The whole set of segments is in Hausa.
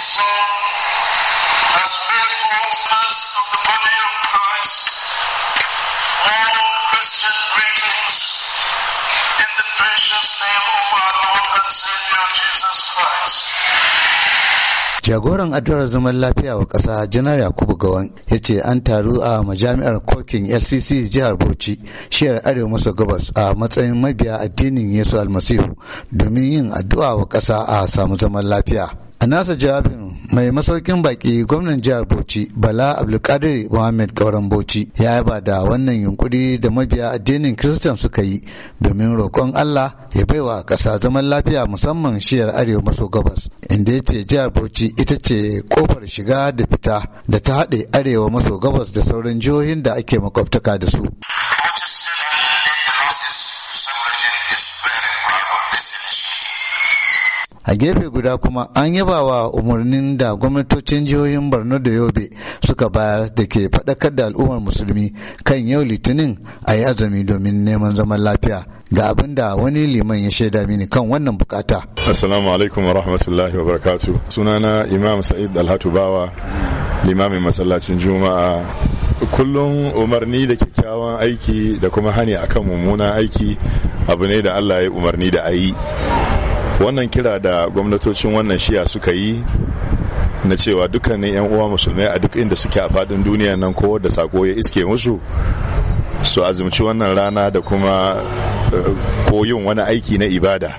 church, as faithfulness of the body of Christ, Christian greetings in the precious name of our Lord and Savior Jesus Christ. jagoran addu'ar zaman lafiya wa ƙasa janar yakubu gawan ya ce an taru a majami'ar kokin lcc jihar bauchi shiyar arewa maso gabas a matsayin mabiya addinin yesu almasihu domin yin addu'a wa ƙasa a samu zaman lafiya a nasa jawabin mai masaukin baki gwamnan jihar bauchi bala abdulkadir Mohammed kauran bauchi ya yaba da wannan yunkuri da mabiya addinin kristan suka yi domin roƙon allah ya baiwa ƙasa zaman lafiya musamman shiyar arewa maso gabas inda ya ce jihar bauchi ita ce kofar shiga da fita da ta haɗe arewa maso gabas da sauran jihohin da ake makwabtaka da su a gefe guda kuma an yaba wa umarnin da gwamnatocin jihohin borno da yobe suka bayar da ke faɗakar da al'ummar musulmi kan yau litinin a yi azumi domin neman zaman lafiya ga abin da wani liman ya shaida mini kan wannan bukata assalamu alaikum wa rahmatullahi wa barakatu sunana imam sa'id alhatu bawa limamin masallacin juma'a kullum umarni da kyakkyawan aiki da kuma hani akan mummunan aiki abu ne da allah ya umarni da ayi. wannan kira da gwamnatocin wannan shiya suka yi na cewa dukkanin 'yan uwa musulmai a duk inda suke a fadin duniya nan ko da sako ya iske musu su azumci wannan rana da kuma eh, koyin wani aiki na ibada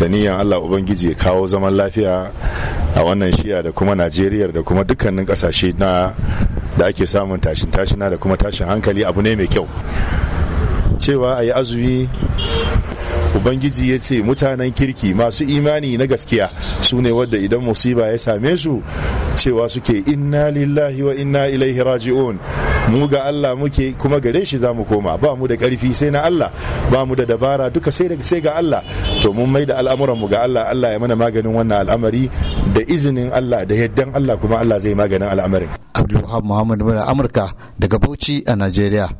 da niyan allah ubangiji ya kawo zaman lafiya a wannan shiya da kuma najeriya da kuma dukkanin kasashe na da ake samun tashin tashina da kuma tashin hankali abu ne mai kyau cewa a yi azumi ubangiji ya ce mutanen kirki masu imani na gaskiya su ne wadda idan musiba ya same su cewa suke inna lillahi wa inna ilaihi raji'un mu ga Allah muke kuma gare shi za mu koma ba mu da karfi sai na Allah ba mu da dabara duka sai ga Allah to mun mai da al'amuran mu ga Allah Allah ya mana maganin wannan al'amari da izinin Allah da yaddan Allah kuma Allah zai maganin al'amarin Abdulwahab Muhammad Amurka daga Bauchi a Najeriya